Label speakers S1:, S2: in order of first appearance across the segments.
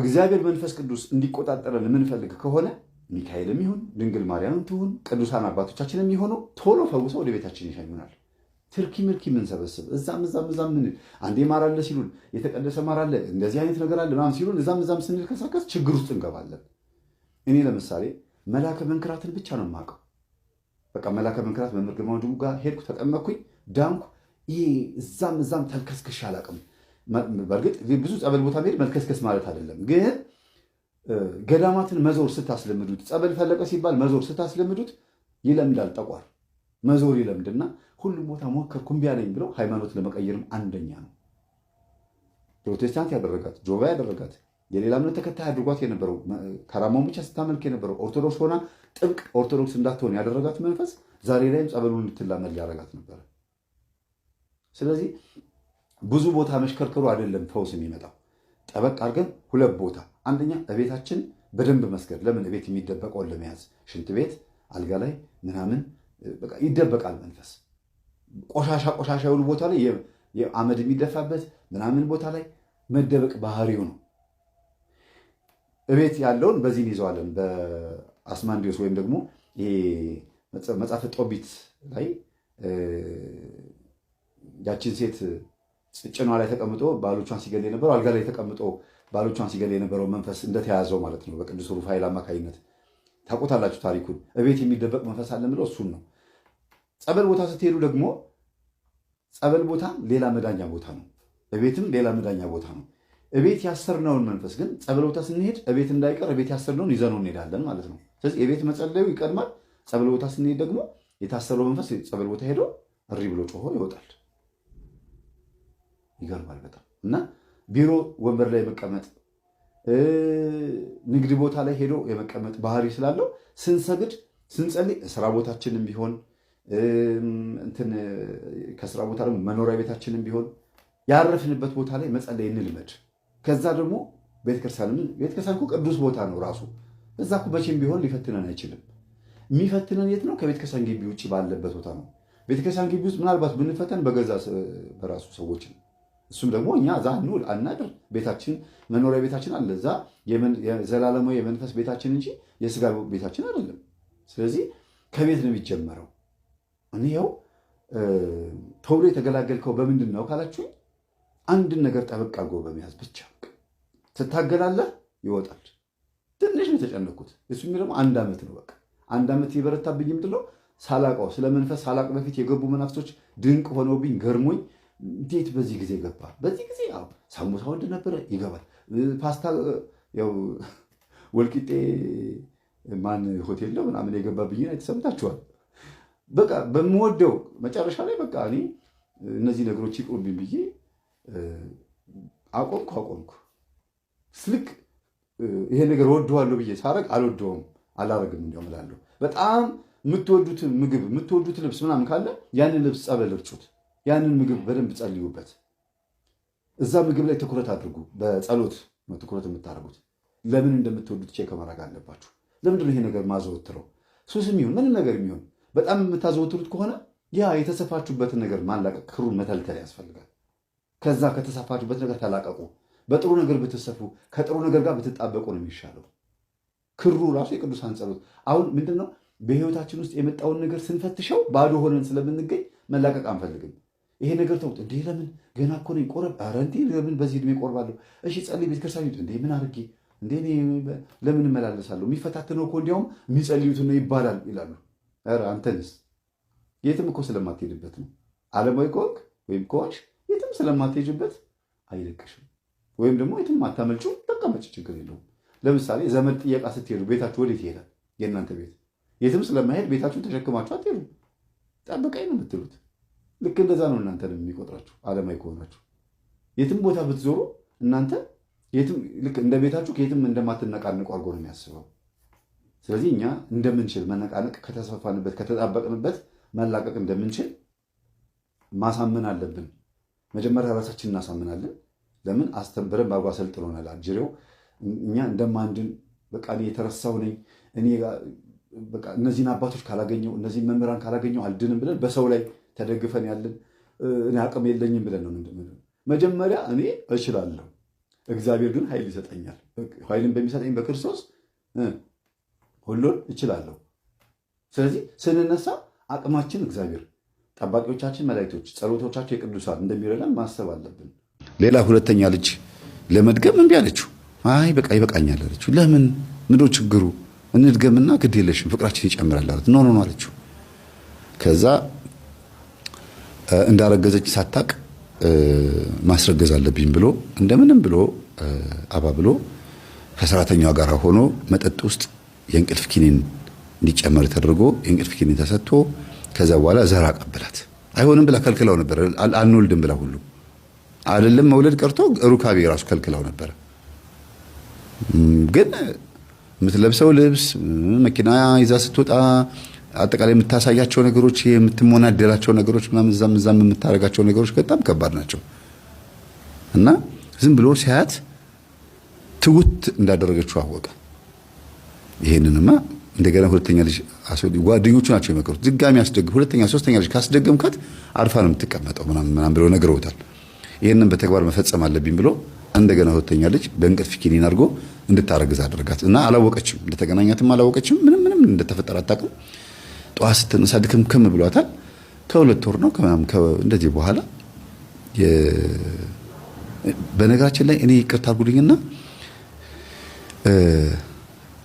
S1: እግዚአብሔር መንፈስ ቅዱስ እንዲቆጣጠረ የምንፈልግ ከሆነ ሚካኤልም ይሁን ድንግል ማርያምም ትሁን ቅዱሳን አባቶቻችን የሚሆኑ ቶሎ ፈውሰው ወደ ቤታችን ይሸኙናል። ትርኪ ምርኪ የምንሰበስብ እዛም እዛም እዛም ምን አንዴ ማር አለ ሲሉን የተቀደሰ ማር አለ እንደዚህ አይነት ነገር አለ ምናምን ሲሉን እዛም እዛም ስንልከሰከስ ችግር ውስጥ እንገባለን። እኔ ለምሳሌ መላከ መንክራትን ብቻ ነው የማውቀው። በቃ መላከ መንክራት መምህር ግርማ ወንድሙ ጋር ሄድኩ፣ ተጠመኩኝ፣ ዳንኩ። ይሄ እዛም እዛም ተልከስክሽ አላውቅም። በእርግጥ ብዙ ጸበል ቦታ መሄድ መልከስከስ ማለት አይደለም፣ ግን ገዳማትን መዞር ስታስለምዱት፣ ጸበል ፈለቀ ሲባል መዞር ስታስለምዱት ይለምዳል። ጠቋር መዞር ይለምድና ሁሉም ቦታ ሞከርኩ እምቢ አለኝ ብለው ሃይማኖት ለመቀየርም አንደኛ ነው። ፕሮቴስታንት ያደረጋት ጆባ ያደረጋት የሌላ እምነት ተከታይ አድርጓት የነበረው ከራማውን ብቻ ስታመልክ የነበረው ኦርቶዶክስ ሆና ጥብቅ ኦርቶዶክስ እንዳትሆን ያደረጋት መንፈስ ዛሬ ላይም ጸበሉን እንድትላመድ ያደረጋት ነበር። ስለዚህ ብዙ ቦታ መሽከርከሩ አይደለም ፈውስ የሚመጣው። ጠበቅ አድርገን ሁለት ቦታ፣ አንደኛ እቤታችን በደንብ መስገድ። ለምን እቤት የሚደበቀውን ለመያዝ ሽንት ቤት፣ አልጋ ላይ ምናምን ይደበቃል መንፈስ። ቆሻሻ ቆሻሻ የሆኑ ቦታ ላይ አመድ የሚደፋበት ምናምን ቦታ ላይ መደበቅ ባህሪው ነው። እቤት ያለውን በዚህ ይዘዋለን በአስማንዲዮስ ወይም ደግሞ መጽሐፈ ጦቢት ላይ ያችን ሴት ጭኗ ላይ ተቀምጦ ባሎቿን ሲገል የነበረው አልጋ ላይ ተቀምጦ ባሎቿን ሲገል የነበረው መንፈስ እንደተያዘው ማለት ነው። በቅዱስ ሩፋኤል አማካኝነት ታውቁታላችሁ ታሪኩን። እቤት የሚደበቅ መንፈስ አለ ምለው እሱን ነው። ጸበል ቦታ ስትሄዱ ደግሞ ጸበል ቦታ ሌላ መዳኛ ቦታ ነው። እቤትም ሌላ መዳኛ ቦታ ነው። እቤት ያሰርነውን መንፈስ ግን ጸበል ቦታ ስንሄድ እቤት እንዳይቀር እቤት ያሰርነውን ይዘነው እንሄዳለን ማለት ነው። ስለዚህ የቤት መጸለዩ ይቀድማል። ጸበል ቦታ ስንሄድ ደግሞ የታሰረው መንፈስ ጸበል ቦታ ሄዶ እሪ ብሎ ጮሆ ይወጣል። ይገርማል በጣም እና ቢሮ ወንበር ላይ የመቀመጥ ንግድ ቦታ ላይ ሄዶ የመቀመጥ ባህሪ ስላለው ስንሰግድ ስንጸልይ ስራ ቦታችንም ቢሆን ከስራ ቦታ ደግሞ መኖሪያ ቤታችንም ቢሆን ያረፍንበት ቦታ ላይ መጸለይ እንልመድ። ከዛ ደግሞ ቤተክርስቲያን ቤተክርስቲያን ቅዱስ ቦታ ነው ራሱ እዛ መቼም ቢሆን ሊፈትነን አይችልም። የሚፈትነን የት ነው? ከቤተክርስቲያን ግቢ ውጭ ባለበት ቦታ ነው። ቤተክርስቲያን ግቢ ውስጥ ምናልባት ብንፈተን በገዛ በራሱ ሰዎች ነው። እሱም ደግሞ እኛ እዛ እንውል አናድር። ቤታችን መኖሪያ ቤታችን አለ እዛ ዘላለሙ የመንፈስ ቤታችን እንጂ የስጋ ቤታችን አይደለም። ስለዚህ ከቤት ነው የሚጀመረው። እኔ ተውሎ የተገላገልከው በምንድን ነው ካላችሁኝ፣ አንድን ነገር ጠበቅ አድርጎ በመያዝ ብቻ ትታገላለህ፣ ይወጣል። ትንሽ ነው የተጨነኩት። እሱ ደግሞ አንድ ዓመት ነው በቃ አንድ ዓመት የበረታብኝ ምንድን ነው ሳላውቀው ስለ መንፈስ ሳላቅ በፊት የገቡ መናፍሶች ድንቅ ሆነውብኝ ገርሞኝ እንዴት በዚህ ጊዜ ገባ? በዚህ ጊዜ ሳሙሳ ወድ ነበረ ይገባል። ፓስታ ያው ወልቂጤ ማን ሆቴል ነው ምናምን የገባብኝን አይተሰምታችኋል። በቃ በምወደው መጨረሻ ላይ በቃ እኔ እነዚህ ነገሮች ይቆምብኝ ብዬ አቆምኩ አቆምኩ ስልክ ይሄ ነገር ወደዋለሁ ብዬ ሳረግ አልወደውም አላረግም። እንዲያውም እላለሁ በጣም የምትወዱት ምግብ የምትወዱት ልብስ ምናምን ካለ ያንን ልብስ ጸበል እርጩት። ያንን ምግብ በደንብ ጸልዩበት። እዛ ምግብ ላይ ትኩረት አድርጉ። በጸሎት ነው ትኩረት የምታደርጉት። ለምን እንደምትወዱት ቼክ ማድረግ አለባችሁ። ለምንድነው ይሄ ነገር ማዘወትረው? ሱስ የሚሆን ምንም ነገር የሚሆን በጣም የምታዘወትሩት ከሆነ ያ የተሰፋችሁበትን ነገር ማላቀቅ፣ ክሩን መተልተል ያስፈልጋል። ከዛ ከተሰፋችሁበት ነገር ተላቀቁ። በጥሩ ነገር ብትሰፉ፣ ከጥሩ ነገር ጋር ብትጣበቁ ነው የሚሻለው። ክሩ ራሱ የቅዱሳን ጸሎት አሁን ምንድነው በህይወታችን ውስጥ የመጣውን ነገር ስንፈትሸው ባዶ ሆነን ስለምንገኝ መላቀቅ አንፈልግም። ይሄ ነገር ተውጥ እንዴ! ለምን ገና እኮ ነኝ ቆረብ ኧረ እንዴ! ለምን በዚህ ዕድሜ ቆርባለሁ? እሺ ጸልይ፣ ቤተክርስቲያን እንዴ ምን አድርጌ እንዴ ለምን እመላለሳለሁ? የሚፈታተነው እኮ እንዲያውም የሚጸልዩት ነው ይባላል ይላሉ። ኧረ አንተንስ የትም እኮ ስለማትሄድበት ነው። አለማዊ ከሆንክ ወይም ከሆንሽ የትም ስለማትሄጅበት አይለቅሽም፣ ወይም ደግሞ የትም አታመልጩ። ተቀመጭ፣ ችግር የለውም። ለምሳሌ ዘመድ ጥየቃ ስትሄዱ ቤታችሁ ወዴት ይሄዳል? የእናንተ ቤት የትም ስለማይሄድ ቤታችሁን ተሸክማችሁ አትሄዱ። ጠብቀኝ ነው የምትሉት ልክ እንደዛ ነው እናንተ የሚቆጥራችሁ ዓለማዊ ከሆናችሁ የትም ቦታ ብትዞሩ እናንተ ልክ እንደ ቤታችሁ ከየትም እንደማትነቃንቁ አድርጎ ነው የሚያስበው። ስለዚህ እኛ እንደምንችል መነቃነቅ ከተሰፋንበት ከተጣበቅንበት መላቀቅ እንደምንችል ማሳመን አለብን። መጀመሪያ ራሳችን እናሳምናለን። ለምን አስተንብረን በአጓ ሰልጥኖናል። አጅሬው እኛ እንደማንድን በቃ የተረሳው ነኝ እኔ እነዚህን አባቶች ካላገኘው እነዚህን መምህራን ካላገኘው አልድንም ብለን በሰው ላይ ተደግፈን ያለን እኔ አቅም የለኝም ብለን ነው ምንድን መጀመሪያ እኔ እችላለሁ፣ እግዚአብሔር ግን ኃይል ይሰጠኛል። ኃይልን በሚሰጠኝ በክርስቶስ ሁሉን እችላለሁ። ስለዚህ ስንነሳ አቅማችን እግዚአብሔር፣ ጠባቂዎቻችን መላእክቶች፣ ጸሎቶቻቸው የቅዱሳን እንደሚረዳን ማሰብ አለብን።
S2: ሌላ ሁለተኛ ልጅ ለመድገም እምቢ አለችው። አይ በቃ ይበቃኛል አለችው። ለምን ምዶ ችግሩ እንድገምና ግድ የለሽም ፍቅራችን ይጨምራል አለት። ኖ ኖ አለችው። ከዛ እንዳረገዘች ሳታቅ ማስረገዝ አለብኝ ብሎ እንደምንም ብሎ አባ ብሎ ከሰራተኛዋ ጋር ሆኖ መጠጥ ውስጥ የእንቅልፍ ኪኒን እንዲጨመር ተደርጎ የእንቅልፍ ኪኒን ተሰጥቶ ከዛ በኋላ ዘር አቀበላት። አይሆንም ብላ ከልክላው ነበር። አንወልድም ብላ ሁሉ አይደለም መውለድ ቀርቶ ሩካቤ ራሱ ከልክላው ነበር። ግን የምትለብሰው ልብስ መኪና ይዛ ስትወጣ አጠቃላይ የምታሳያቸው ነገሮች የምትሞናደራቸው ነገሮች ምናምን እዛም እዛም የምታደርጋቸው ነገሮች በጣም ከባድ ናቸው እና ዝም ብሎ ሲያት ትውት እንዳደረገችው አወቀ። ይሄንንማ እንደገና ሁለተኛ ልጅ ጓደኞቹ ናቸው የመከሩት። ድጋሚ አስደግም ሁለተኛ ሶስተኛ ልጅ ካስደገምካት አርፋ ነው የምትቀመጠው ምናምን ብለው ነግረውታል። ይህንን በተግባር መፈጸም አለብኝ ብሎ እንደገና ሁለተኛ ልጅ በእንቅልፍ ኪኒን አድርጎ እንድታረግዝ አደረጋት እና አላወቀችም። እንደተገናኛትም አላወቀችም። ምንም ምንም እንደተፈጠረ አታውቅም። ጠዋት ስትነሳ ድክምክም ብሏታል። ከሁለት ወር ነው እንደዚህ በኋላ በነገራችን ላይ እኔ ይቅርታ አድርጉልኝና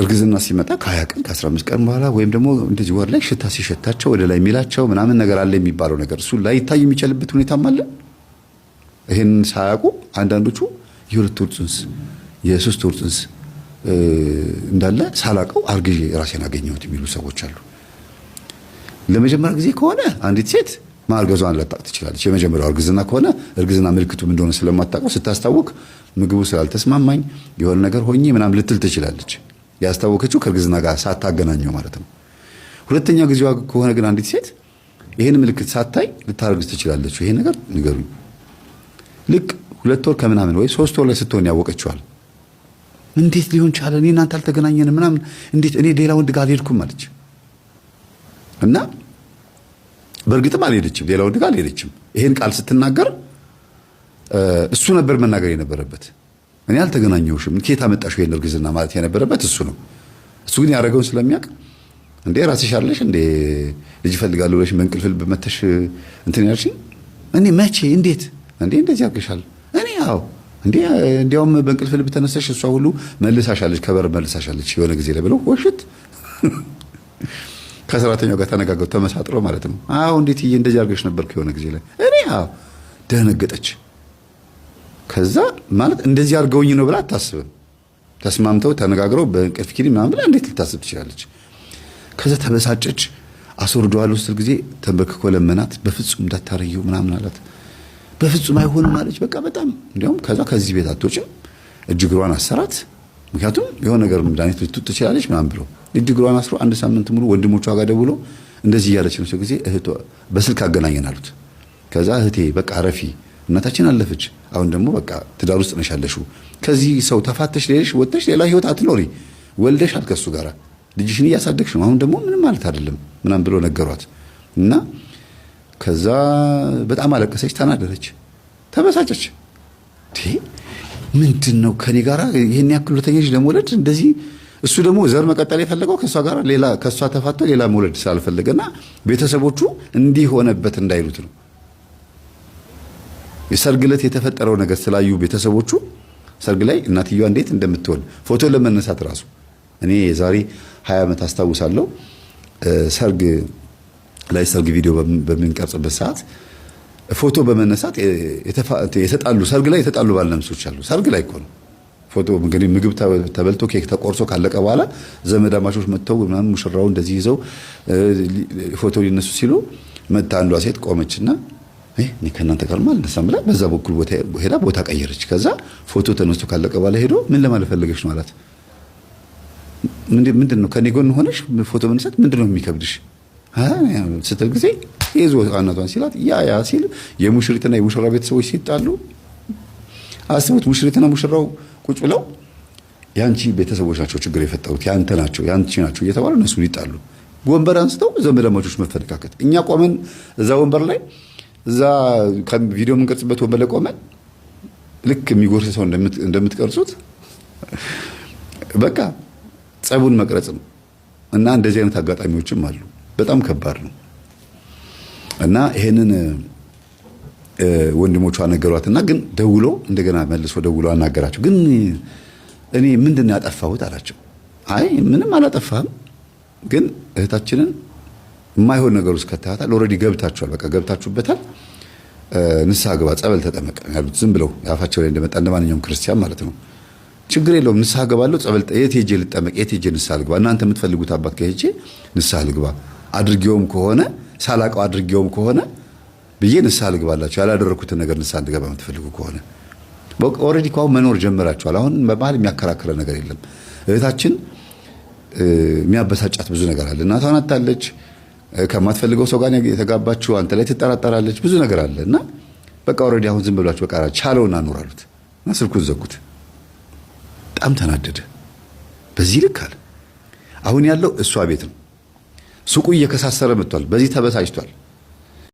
S2: እርግዝና ሲመጣ ከሀያ ቀን ከአስራ አምስት ቀን በኋላ ወይም ደግሞ እንደዚህ ወር ላይ ሽታ ሲሸታቸው ወደ ላይ የሚላቸው ምናምን ነገር አለ የሚባለው ነገር እሱ ይታይ የሚችልበት ሁኔታም አለ። ይህን ሳያውቁ አንዳንዶቹ የሁለት ወር ጽንስ የሶስት ወር ጽንስ እንዳለ ሳላውቀው አርግዤ ራሴን አገኘሁት የሚሉ ሰዎች አሉ። ለመጀመሪያ ጊዜ ከሆነ አንዲት ሴት ማርገዟን ለጣቅ ትችላለች። የመጀመሪያው እርግዝና ከሆነ እርግዝና ምልክቱ ምን እንደሆነ ስለማታውቀው ስታስታውቅ ምግቡ ስላልተስማማኝ የሆነ ነገር ሆኜ ምናምን ልትል ትችላለች። ያስታወከችው ከእርግዝና ጋር ሳታገናኘው ማለት ነው። ሁለተኛ ጊዜዋ ከሆነ ግን አንዲት ሴት ይህን ምልክት ሳታይ ልታረግዝ ትችላለች። ይሄ ነገር ንገሩኝ። ልክ ሁለት ወር ከምናምን ወይ ሶስት ወር ላይ ስትሆን ያወቀችዋል። እንዴት ሊሆን ቻለ? እኔ እናንተ አልተገናኘንም ምናምን፣ እንዴት እኔ ሌላ ወንድ ጋር አልሄድኩም አለች እና በእርግጥም አልሄደችም፣ ሌላ ወንድ ጋር አልሄደችም። ይሄን ቃል ስትናገር እሱ ነበር መናገር የነበረበት። እኔ አልተገናኘሁሽም፣ ከየት አመጣሽው ይሄን እርግዝና ማለት የነበረበት እሱ ነው። እሱ ግን ያደረገውን ስለሚያውቅ እንዴ ራስሽ አለሽ እንዴ ልጅ እፈልጋለሁ ብለሽ በእንቅልፍ ልብ መተሽ እንትን ያልሽኝ እኔ መቼ እንዴት እንዴ እንደዚህ አድርገሻል? እኔ ያው እንዴ እንዲያውም በእንቅልፍ ልብ ተነሰሽ እሷ ሁሉ መልሳሻለች፣ ከበር መልሳሻለች የሆነ ጊዜ ላይ ብለው ወሽት ከሰራተኛው ጋር ተነጋገሩ፣ ተመሳጥሮ ማለት ነው። አዎ እንዴት እዬ እንደዚህ አድርገሽ ነበርኩ የሆነ ጊዜ ላይ እኔ አዎ ደነገጠች። ከዛ ማለት እንደዚህ አድርገውኝ ነው ብላ አታስብም። ተስማምተው ተነጋግረው በእንቅልፍ ኪኒ ምናምን ብላ እንዴት ልታስብ ትችላለች? ከዛ ተበሳጨች። አስወርደዋል ስትል ጊዜ ተንበርክኮ ለመናት። በፍጹም እንዳታረየው ምናምን አላት። በፍጹም አይሆንም አለች። በቃ በጣም እንዲያውም ከዛ ከዚህ ቤት አትወጭም፣ እጅግሯን አሰራት። ምክንያቱም የሆነ ነገር መድኃኒት ልትት ትችላለች ምናምን ብሎ እጅ እግሯን አስሮ አንድ ሳምንት ሙሉ ወንድሞቿ ጋር ደውሎ እንደዚህ እያለች ነው ጊዜ እህቷ በስልክ አገናኘን አሉት። ከዛ እህቴ በቃ ረፊ እናታችን አለፈች። አሁን ደግሞ በቃ ትዳር ውስጥ ነሽ ያለሽው ከዚህ ሰው ተፋተሽ ሌለሽ ወጥተሽ ሌላ ህይወት አትኖሪ ወልደሽ ከሱ ጋር ልጅሽን እያሳደግሽ ነው። አሁን ደግሞ ምንም ማለት አይደለም ምናም ብሎ ነገሯት እና ከዛ በጣም አለቀሰች፣ ተናደረች፣ ተበሳጨች። ምንድን ነው ከኔ ጋር ይህን ያክል ልጅ ለመውለድ እንደዚህ እሱ ደግሞ ዘር መቀጠል የፈለገው ከእሷ ጋር ሌላ ከእሷ ተፋቶ ሌላ መውለድ ስላልፈለገና ቤተሰቦቹ እንዲህ ሆነበት እንዳይሉት ነው። የሰርግ ዕለት የተፈጠረው ነገር ስላዩ ቤተሰቦቹ ሰርግ ላይ እናትየዋ እንዴት እንደምትሆን ፎቶ ለመነሳት ራሱ እኔ የዛሬ ሀያ ዓመት አስታውሳለሁ ሰርግ ላይ ሰርግ ቪዲዮ በምንቀርጽበት ሰዓት ፎቶ በመነሳት የተጣሉ ሰርግ ላይ የተጣሉ ባለምሶች አሉ። ሰርግ ላይ እኮ ነው ፎቶ እንግዲህ ምግብ ተበልቶ ኬክ ተቆርሶ ካለቀ በኋላ ዘመድ አማቾች መጥተው ምናምን ሙሽራው እንደዚህ ይዘው ፎቶ ሊነሱ ሲሉ መታ አንዷ ሴት ቆመችና እኔ ከእናንተ ጋር አልነሳም ብላ በዛ በኩል ሄዳ ቦታ ቀየረች። ከዛ ፎቶ ተነስቶ ካለቀ በኋላ ሄዶ ምን ለማለት ፈለገች ነው አላት። ምንድን ነው ከኔ ጎን ሆነሽ ፎቶ መነሳት ምንድን ነው የሚከብድሽ? ስትል ጊዜ ይዞ ህጻናቷን ሲላት ያ ያ ሲል የሙሽሪትና የሙሽራ ቤተሰቦች ሲጣሉ አስቡት። ሙሽሪትና ሙሽራው ቁጭ ብለው የአንቺ ቤተሰቦች ናቸው ችግር የፈጠሩት ያንተ ናቸው ያንቺ ናቸው እየተባሉ እነሱ ይጣሉ። ወንበር አንስተው ዘመዳማቾች መፈነካከት። እኛ ቆመን እዛ ወንበር ላይ እዛ ከቪዲዮ የምንቀርጽበት ወንበር ላይ ቆመን ልክ የሚጎርስ ሰው እንደምትቀርጹት በቃ ጸቡን መቅረጽ ነው። እና እንደዚህ አይነት አጋጣሚዎችም አሉ። በጣም ከባድ ነው እና ይሄንን ወንድሞቿ ነገሯትና ግን ደውሎ እንደገና መልሶ ደውሎ አናገራቸው። ግን እኔ ምንድን ነው ያጠፋሁት አላቸው። አይ ምንም አላጠፋህም፣ ግን እህታችንን የማይሆን ነገር ውስጥ ከተሃታል። ኦልሬዲ ገብታችኋል፣ በቃ ገብታችሁበታል። ንስሐ ግባ፣ ጸበል ተጠመቀ ያሉት ዝም ብለው አፋቸው ላይ እንደመጣ እንደ ማንኛውም ክርስቲያን ማለት ነው። ችግር የለውም ንስሐ ገባለሁ፣ ጸበል የት ሄጄ ልጠመቅ፣ የት ሄጄ ንስሐ ልግባ፣ እናንተ የምትፈልጉት አባት ከሄጄ ንስሐ ልግባ አድርጌውም ከሆነ ሳላቀው አድርጌውም ከሆነ ብዬ ንስሐ ልግባላችሁ። ያላደረኩት ነገር ንስሐ እንድገባ የምትፈልጉ ከሆነ ኦልሬዲ እኮ አሁን መኖር ጀምራችኋል። አሁን በመሀል የሚያከራክረ ነገር የለም። እህታችን የሚያበሳጫት ብዙ ነገር አለ። እናቷን አጣለች። ከማትፈልገው ሰው ጋር የተጋባችሁ አንተ ላይ ትጠራጠራለች። ብዙ ነገር አለ እና በቃ ኦልሬዲ አሁን ዝም ብሏችሁ በቃ ቻለውና ኑር አሉት እና ስልኩን ዘጉት። በጣም ተናደደ። በዚህ ልክ አለ። አሁን ያለው እሷ ቤት ነው። ሱቁ እየከሳሰረ መጥቷል። በዚህ ተበሳጭቷል።